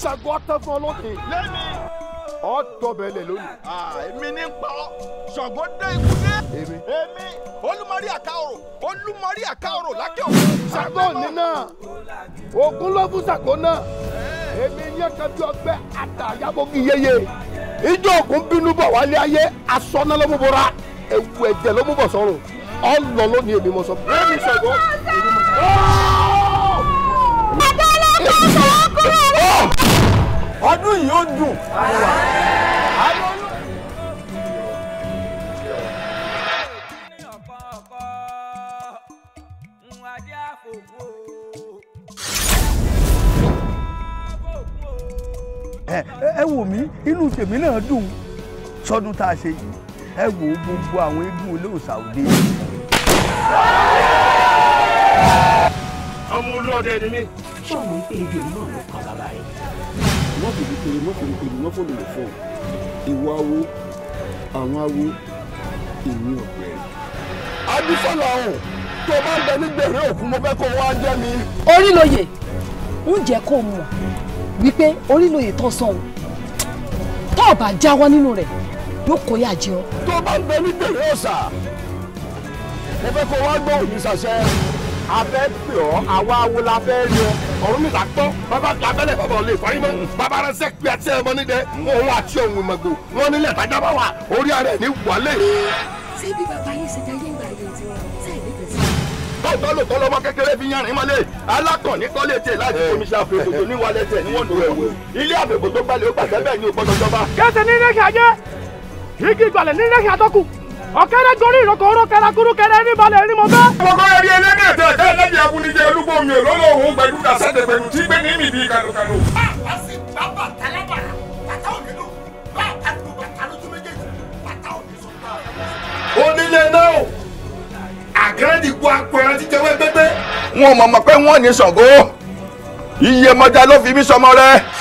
ṣàgọ́ atẹ́fún ọlọ́tẹ̀. lẹ́mi. ọ̀tọ̀bẹ̀ lẹ̀ lónìí. èmi ní pa ọ́ ṣọ̀gbọ́n dé ikú dé. èmi. èmi olùmọ̀rí àkàrò olùmọ̀rí àkàrò lákẹ́ òkú. ṣàgọ́ ni náà ogun ló fún ṣàgọ́ náà èmi ní ẹ̀ka bí ọgbẹ́ àtàyàbọ̀gì yeye ìjọ ògùn bínú bọ̀ wálé ayé aṣọ náà ló mú bọ́ra ewu ẹ̀jẹ̀ ló mú bọ̀ sọ́run ọ lọ lónìí èmi mo sọ. èmi ṣàgbọ́. bàbá ọlọ́pàá sọ̀rọ̀ kúrò rẹ̀. ọdún yìí ó dùn. ẹ wò mí inú tèmi náà dùn sọdún tá a ṣe yìí ẹ wò ó gbogbo àwọn eégún olóòṣà òde ọmọ olóòdẹ ni mí. sọ̀rọ̀ ń pè é bí olóòdẹ ló kọ́ bàbá yìí. wọ́n fi ní pèrè wọ́n fi ní pèrè wọ́n fòlù lò fún ọ. ìwọ awo àwọn awo èmi ọ̀gbẹ́. adífọ́lá ọ̀hún tó bá ń bẹ ní gbèrè òkun mo fẹ́ kó wá jẹ́ mi. orílòyè ń jẹ́ kó mọ̀ wípé orílòyè tó sàn ọ́ tó o bá jáwọ́ nínú rẹ̀ yóò kó yà jẹ́ ọ. tó bá ń bẹ ní gbèrè ọ̀sà ẹ fẹ́ kó wá gbọ́ òbí ṣàṣẹ afẹ́ pè ọ́ àwa awo la fẹ́ rí ọ ọ̀run mi là gbọ́ bàbá labẹ́lẹ̀ bàbá olè fọ́yín mọ́ bàbá rẹ sẹ́kì bí ẹtí ẹ mọ́ nídẹ òun àti òun ìmọ̀gbò wọn nílẹ̀ tàjà bá wà orí ara ẹ̀ ní wọlé. ṣé bí lọ́mọ kékeré fi yanrìn mọ́lẹ̀ alákànní kọ́lé tiẹ̀ láti omi ṣe àfẹ́bòtò níwọlé tiẹ̀ níwọ̀n ló ẹ̀wò ilé àfẹ́bòtò gbalẹ̀ ó gbàgbẹ́ bẹ́ẹ̀ ni ò gbọ́dọ̀ jọba. kẹsàn-án ní ilé kí ajé gbalẹ̀ ní ilé kí ọ̀kẹ́rẹ́ gorí ìrókò oró kẹrakúrú kẹrẹ ní balẹ̀ ní mo fẹ́. gbogbo ẹni ẹlẹ́gẹ̀ tẹ ẹ̀dá ẹlẹ́dẹ̀ abúlíjẹ olúgbòmí olólò òun gbẹdú dàsẹ́dẹ̀ pẹ̀lú tí gbé ní mi di kàlùkàlù. bá a sì bá bàtà lábàrà bàtà òní lò bá a lò bàtà lójú méjèèjì bàtà òní sọ. onílé náà àgẹ́rẹ́dì kú akọ ẹran jíjẹ wẹ́gbẹ́gbẹ́. wọn mọ̀mọ́ pé wọ́n ní Ṣàngó iye mọ́jà ló fi mí sọmọ rẹ̀.